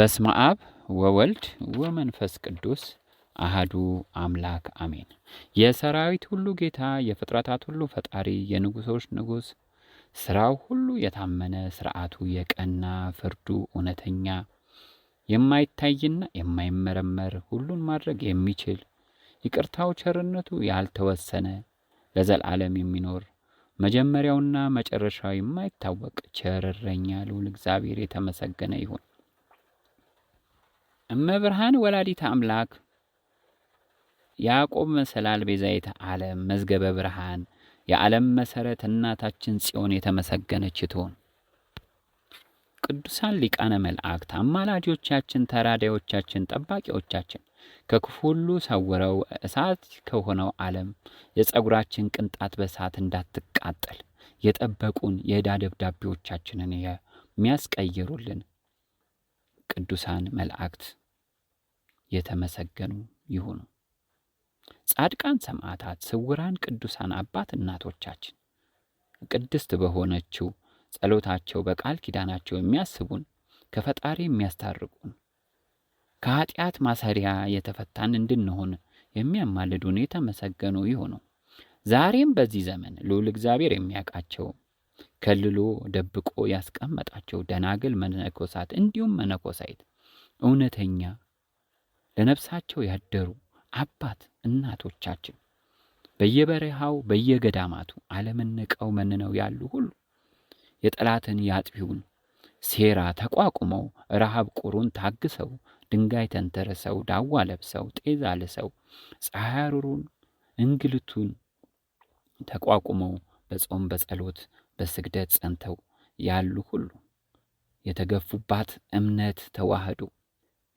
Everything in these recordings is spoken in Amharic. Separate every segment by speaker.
Speaker 1: በስመ አብ ወወልድ ወመንፈስ ቅዱስ አህዱ አምላክ አሜን። የሰራዊት ሁሉ ጌታ የፍጥረታት ሁሉ ፈጣሪ የንጉሶች ንጉስ ስራው ሁሉ የታመነ ስርዓቱ የቀና ፍርዱ እውነተኛ የማይታይና የማይመረመር ሁሉን ማድረግ የሚችል ይቅርታው ቸርነቱ ያልተወሰነ ለዘላለም የሚኖር መጀመሪያውና መጨረሻው የማይታወቅ ቸርረኛ ልዑል እግዚአብሔር የተመሰገነ ይሁን። እመብርሃን ወላዲት አምላክ ያዕቆብ መሰላል ቤዛይተ ዓለም መዝገበ ብርሃን የዓለም መሰረት እናታችን ጽዮን የተመሰገነች ትሆን። ቅዱሳን ሊቃነ መላእክት አማላጆቻችን፣ ተራዳዮቻችን፣ ጠባቂዎቻችን ከክፉ ሁሉ ሰውረው እሳት ከሆነው ዓለም የጸጉራችን ቅንጣት በእሳት እንዳትቃጠል የጠበቁን የዕዳ ደብዳቤዎቻችንን የሚያስቀይሩልን ቅዱሳን መላእክት የተመሰገኑ ይሁኑ። ጻድቃን ሰማዕታት፣ ስውራን ቅዱሳን አባት እናቶቻችን ቅድስት በሆነችው ጸሎታቸው በቃል ኪዳናቸው የሚያስቡን ከፈጣሪ የሚያስታርቁን ከኃጢአት ማሰሪያ የተፈታን እንድንሆን የሚያማልዱን የተመሰገኑ ይሁኑ። ዛሬም በዚህ ዘመን ልዑል እግዚአብሔር የሚያውቃቸው ከልሎ ደብቆ ያስቀመጣቸው ደናግል መነኮሳት፣ እንዲሁም መነኮሳይት እውነተኛ ለነፍሳቸው ያደሩ አባት እናቶቻችን በየበረሃው በየገዳማቱ ዓለምን ንቀው መንነው ያሉ ሁሉ የጠላትን የአጥቢውን ሴራ ተቋቁመው ረሃብ ቁሩን ታግሰው ድንጋይ ተንተርሰው ዳዋ ለብሰው ጤዛ ልሰው ፀሐይ እንግልቱን ተቋቁመው በጾም በጸሎት በስግደት ጸንተው ያሉ ሁሉ የተገፉባት እምነት ተዋህዶ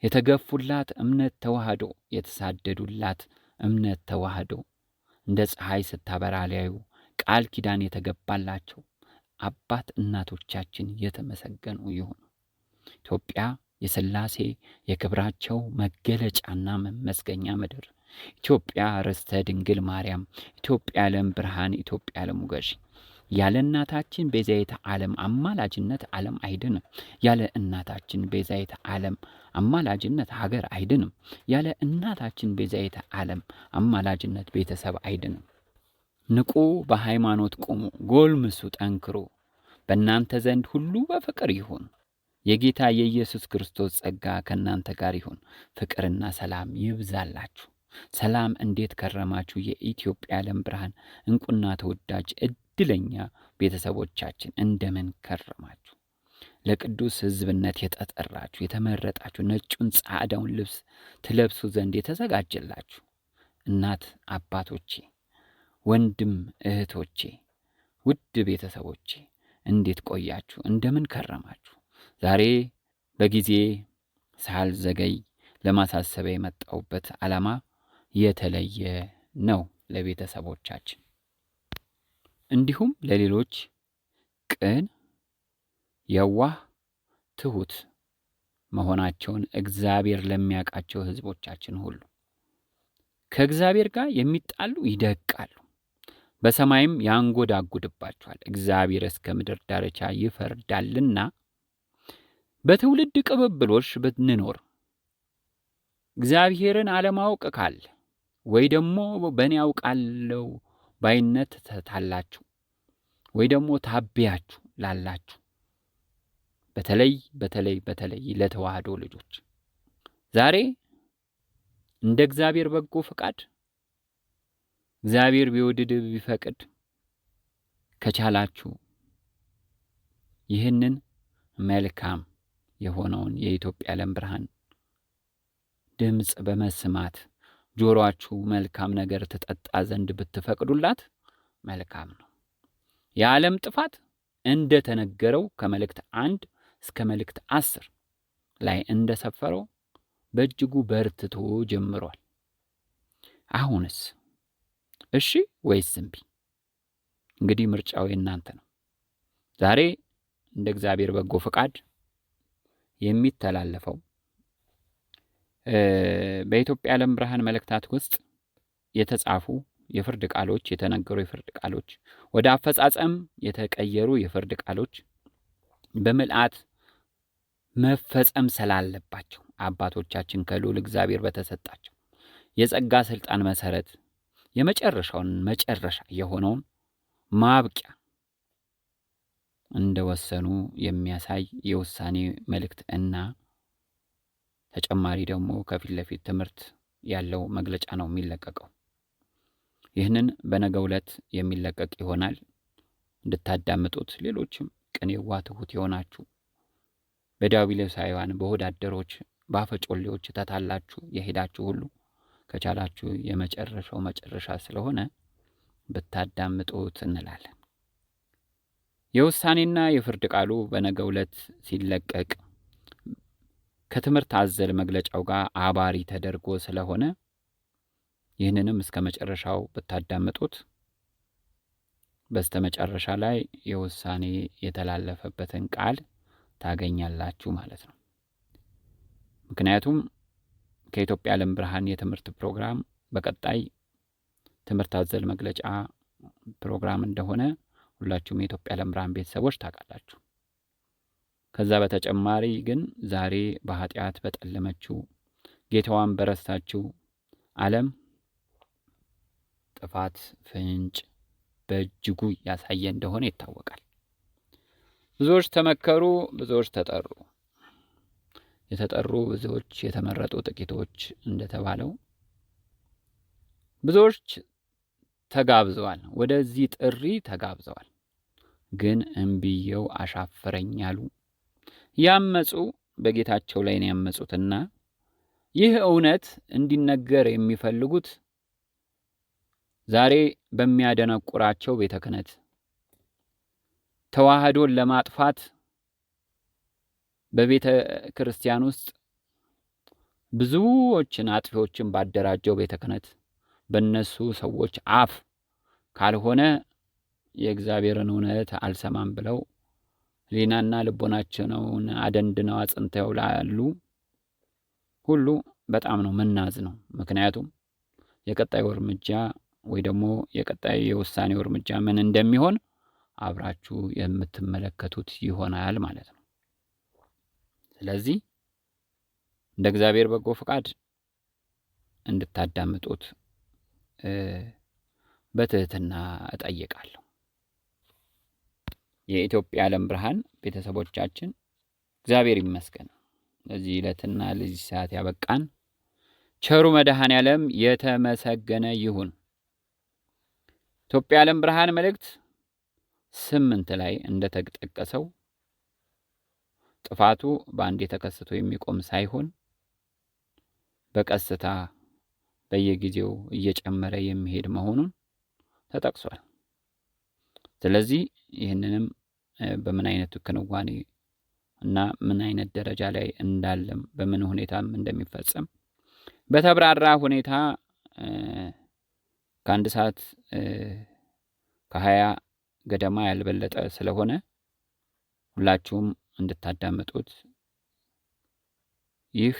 Speaker 1: የተገፉላት እምነት ተዋህዶ የተሳደዱላት እምነት ተዋህዶ እንደ ፀሐይ ስታበራ ሊያዩ ቃል ኪዳን የተገባላቸው አባት እናቶቻችን የተመሰገኑ ይሁኑ። ኢትዮጵያ የሥላሴ የክብራቸው መገለጫና መመስገኛ ምድር ኢትዮጵያ ርስተ ድንግል ማርያም ኢትዮጵያ ለም ብርሃን ኢትዮጵያ ለሙገሽ ያለ እናታችን ቤዛይተ ዓለም አማላጅነት ዓለም አይድንም። ያለ እናታችን ቤዛይተ ዓለም አማላጅነት ሀገር አይድንም። ያለ እናታችን ቤዛይተ ዓለም አማላጅነት ቤተሰብ አይድንም። ንቁ፣ በሃይማኖት ቁሙ፣ ጎልምሱ፣ ጠንክሩ፣ በእናንተ ዘንድ ሁሉ በፍቅር ይሁን። የጌታ የኢየሱስ ክርስቶስ ጸጋ ከእናንተ ጋር ይሁን። ፍቅርና ሰላም ይብዛላችሁ። ሰላም፣ እንዴት ከረማችሁ? የኢትዮጵያ ዓለም ብርሃን እንቁና ተወዳጅ እድለኛ ቤተሰቦቻችን እንደምን ከረማችሁ? ለቅዱስ ሕዝብነት የተጠራችሁ የተመረጣችሁ፣ ነጩን ጻዕዳውን ልብስ ትለብሱ ዘንድ የተዘጋጀላችሁ እናት አባቶቼ፣ ወንድም እህቶቼ፣ ውድ ቤተሰቦቼ እንዴት ቆያችሁ? እንደምን ከረማችሁ? ዛሬ በጊዜ ሳልዘገይ ለማሳሰቢያ የመጣሁበት ዓላማ የተለየ ነው። ለቤተሰቦቻችን እንዲሁም ለሌሎች ቅን፣ የዋህ፣ ትሁት መሆናቸውን እግዚአብሔር ለሚያውቃቸው ሕዝቦቻችን ሁሉ ከእግዚአብሔር ጋር የሚጣሉ ይደቃሉ፣ በሰማይም ያንጎዳጉድባቸዋል። እግዚአብሔር እስከ ምድር ዳርቻ ይፈርዳልና በትውልድ ቅብብሎች ብንኖር እግዚአብሔርን አለማወቅ ካለ ወይ ደግሞ በእኔ ያውቃለው ባይነት ታላችሁ ወይ ደግሞ ታቢያችሁ ላላችሁ በተለይ በተለይ በተለይ ለተዋህዶ ልጆች ዛሬ እንደ እግዚአብሔር በጎ ፈቃድ እግዚአብሔር ቢወድድ ቢፈቅድ ከቻላችሁ ይህንን መልካም የሆነውን የኢትዮጵያ ዓለም ብርሃን ድምፅ በመስማት ጆሮአችሁ መልካም ነገር ትጠጣ ዘንድ ብትፈቅዱላት መልካም ነው። የዓለም ጥፋት እንደ ተነገረው ከመልእክት አንድ እስከ መልእክት አስር ላይ እንደ ሰፈረው በእጅጉ በርትቶ ጀምሯል። አሁንስ እሺ ወይስ እምቢ? እንግዲህ ምርጫው የእናንተ ነው። ዛሬ እንደ እግዚአብሔር በጎ ፈቃድ የሚተላለፈው በኢትዮጵያ ዓለም ብርሃን መልእክታት ውስጥ የተጻፉ የፍርድ ቃሎች፣ የተነገሩ የፍርድ ቃሎች፣ ወደ አፈጻጸም የተቀየሩ የፍርድ ቃሎች በምልአት መፈጸም ስላለባቸው አባቶቻችን ከልዑል እግዚአብሔር በተሰጣቸው የጸጋ ስልጣን መሰረት የመጨረሻውን መጨረሻ የሆነውን ማብቂያ እንደወሰኑ የሚያሳይ የውሳኔ መልእክት እና ተጨማሪ ደግሞ ከፊት ለፊት ትምህርት ያለው መግለጫ ነው የሚለቀቀው። ይህንን በነገ ዕለት የሚለቀቅ ይሆናል እንድታዳምጡት። ሌሎችም ቅኔዋ ትሁት የሆናችሁ በዳቢሎሳውያን በሆድ አደሮች በአፈጮሌዎች ተታላችሁ የሄዳችሁ ሁሉ ከቻላችሁ የመጨረሻው መጨረሻ ስለሆነ ብታዳምጡት እንላለን። የውሳኔና የፍርድ ቃሉ በነገ ዕለት ሲለቀቅ ከትምህርት አዘል መግለጫው ጋር አባሪ ተደርጎ ስለሆነ ይህንንም እስከ መጨረሻው ብታዳምጡት በስተመጨረሻ ላይ የውሳኔ የተላለፈበትን ቃል ታገኛላችሁ ማለት ነው። ምክንያቱም ከኢትዮጵያ ዓለም ብርሃን የትምህርት ፕሮግራም በቀጣይ ትምህርት አዘል መግለጫ ፕሮግራም እንደሆነ ሁላችሁም የኢትዮጵያ ዓለም ብርሃን ቤተሰቦች ታውቃላችሁ። ከዛ በተጨማሪ ግን ዛሬ በኃጢአት በጠለመችው ጌታዋን በረሳችው ዓለም ጥፋት ፍንጭ በእጅጉ ያሳየ እንደሆነ ይታወቃል። ብዙዎች ተመከሩ፣ ብዙዎች ተጠሩ። የተጠሩ ብዙዎች፣ የተመረጡ ጥቂቶች እንደተባለው ብዙዎች ተጋብዘዋል፣ ወደዚህ ጥሪ ተጋብዘዋል። ግን እምቢየው አሻፈረኝ አሉ። ያመፁ በጌታቸው ላይ ነው ያመፁትና ይህ እውነት እንዲነገር የሚፈልጉት ዛሬ በሚያደነቁራቸው ቤተ ክህነት ተዋህዶን ለማጥፋት በቤተ ክርስቲያን ውስጥ ብዙዎችን አጥፊዎችን ባደራጀው ቤተ ክህነት በእነሱ ሰዎች አፍ ካልሆነ የእግዚአብሔርን እውነት አልሰማም ብለው ሕሊናና ልቦናቸውን አደንድነው አጽንተው ላሉ ሁሉ በጣም ነው መናዝ ነው። ምክንያቱም የቀጣዩ እርምጃ ወይ ደግሞ የቀጣዩ የውሳኔው እርምጃ ምን እንደሚሆን አብራችሁ የምትመለከቱት ይሆናል ማለት ነው። ስለዚህ እንደ እግዚአብሔር በጎ ፈቃድ እንድታዳምጡት በትህትና እጠይቃለሁ። የኢትዮጵያ ዓለም ብርሃን ቤተሰቦቻችን እግዚአብሔር ይመስገን ለዚህ ዕለትና ለዚህ ሰዓት ያበቃን ቸሩ መድኃኔ ዓለም የተመሰገነ ይሁን። ኢትዮጵያ ዓለም ብርሃን መልእክት ስምንት ላይ እንደተጠቀሰው ጥፋቱ በአንዴ ተከስቶ የሚቆም ሳይሆን በቀስታ በየጊዜው እየጨመረ የሚሄድ መሆኑን ተጠቅሷል። ስለዚህ ይህንንም በምን አይነት ክንዋኔ እና ምን አይነት ደረጃ ላይ እንዳለም በምን ሁኔታም እንደሚፈጸም በተብራራ ሁኔታ ከአንድ ሰዓት ከሀያ ገደማ ያልበለጠ ስለሆነ ሁላችሁም እንድታዳምጡት ይህ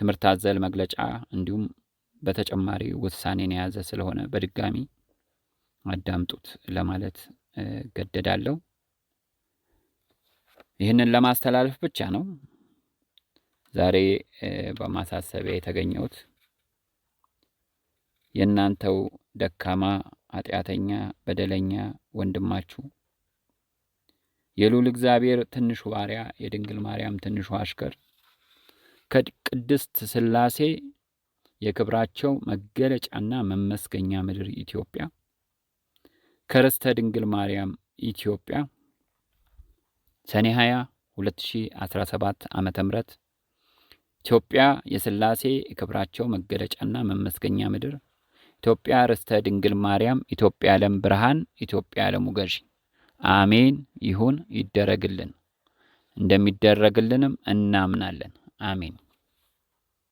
Speaker 1: ትምህርት አዘል መግለጫ እንዲሁም በተጨማሪ ውሳኔን የያዘ ስለሆነ በድጋሚ አዳምጡት ለማለት እገደዳለሁ። ይህንን ለማስተላለፍ ብቻ ነው ዛሬ በማሳሰቢያ የተገኘሁት። የእናንተው ደካማ ኃጢአተኛ በደለኛ ወንድማችሁ የሉል እግዚአብሔር ትንሹ ባሪያ የድንግል ማርያም ትንሹ አሽከር ከቅድስት ስላሴ የክብራቸው መገለጫና መመስገኛ ምድር ኢትዮጵያ ከርስተ ድንግል ማርያም ኢትዮጵያ ሰኔ 20 2017 ዓ ም ኢትዮጵያ የስላሴ የክብራቸው መገለጫና መመስገኛ ምድር ኢትዮጵያ ርስተ ድንግል ማርያም ኢትዮጵያ ዓለም ብርሃን ኢትዮጵያ ዓለሙ ገዢ አሜን ይሁን ይደረግልን እንደሚደረግልንም እናምናለን አሜን